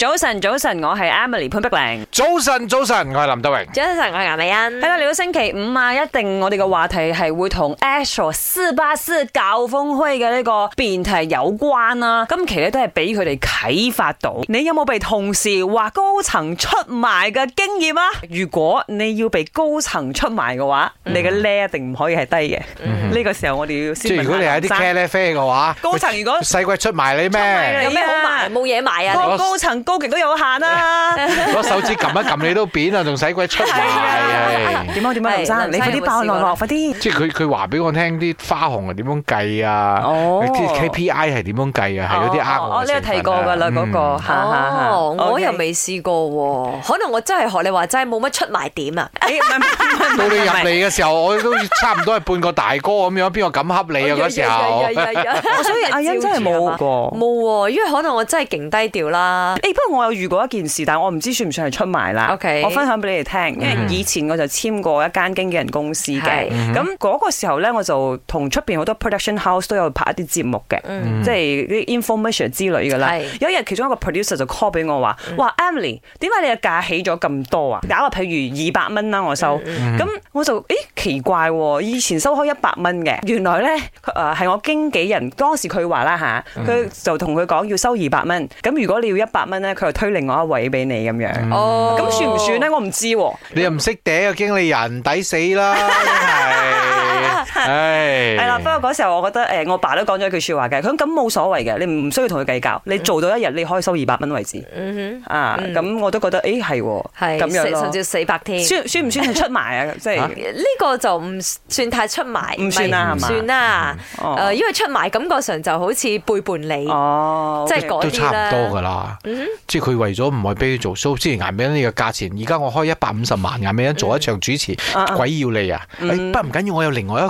早晨，早晨，我係 Emily 潘碧玲。早晨，早晨，我係林德榮。早晨，我係顏美欣。係啦，嚟到星期五啊，一定我哋嘅話題係會同 a s h e 斯巴斯教風虛嘅呢個辯題有關啦、啊。今期咧都係俾佢哋啟發到。你有冇被同事或高層出賣嘅經驗啊？如果你要被高層出賣嘅話，嗯、你嘅 level 一定唔可以係低嘅。呢、嗯、個時候我哋要先、嗯一。即係如果你有啲茄呢啡嘅話，高層如果細鬼出賣你咩？有咩好賣？冇嘢賣啊！高層。高級都有限啦，攞手指撳一撳你都扁啊，仲使鬼出賣？點啊點啊，陸生，你快啲爆落落，快啲！即係佢佢話俾我聽啲花紅係點樣計啊？哦，你知 KPI 係點樣計啊？係有啲呃我，我你有提過㗎啦，嗰個，我又未試過喎，可能我真係學你話齋冇乜出賣點啊！到你入嚟嘅時候，我都差唔多係半個大哥咁樣，邊個敢恰你嗰時候？所以阿欣真係冇過冇，因為可能我真係勁低調啦。因為我有遇過一件事，但係我唔知算唔算係出賣啦。Okay. 我分享俾你哋聽，因為以前我就簽過一間經紀人公司嘅。咁嗰是個時候咧，我就同出邊好多 production house 都有拍一啲節目嘅，嗯、即係啲 information 之類嘅啦。是有一日，其中一個 producer 就 call 俾我話，哇 Emily，點解你嘅價起咗咁多啊？假如譬如二百蚊啦，我收。咁、嗯、我就誒，奇怪、哦、以前收開一百蚊嘅，原來咧，誒，係我經紀人當時佢話啦吓，佢就同佢講要收二百蚊。咁如果你要一百蚊咧？佢又推另外一位俾你咁樣，哦、嗯，咁算唔算咧？我唔知道、啊，你又唔識嗲個經理人，抵死啦，真係。 係係啦，不過嗰時候我覺得誒，我爸都講咗一句說話嘅，佢咁冇所謂嘅，你唔需要同佢計較，你做到一日你可以收二百蚊為止，啊，咁我都覺得誒係，係咁樣咯，甚至四百天，算唔算係出賣啊？即係呢個就唔算太出賣，唔算啦係嘛，唔算啦，因為出賣感覺上就好似背叛你，即係都差唔多噶啦，即係佢為咗唔係俾佢做 show，所以之前壓咩呢個價錢，而家我開一百五十萬壓咩做一場主持，鬼要你啊？誒，不過唔緊要，我有另外一個。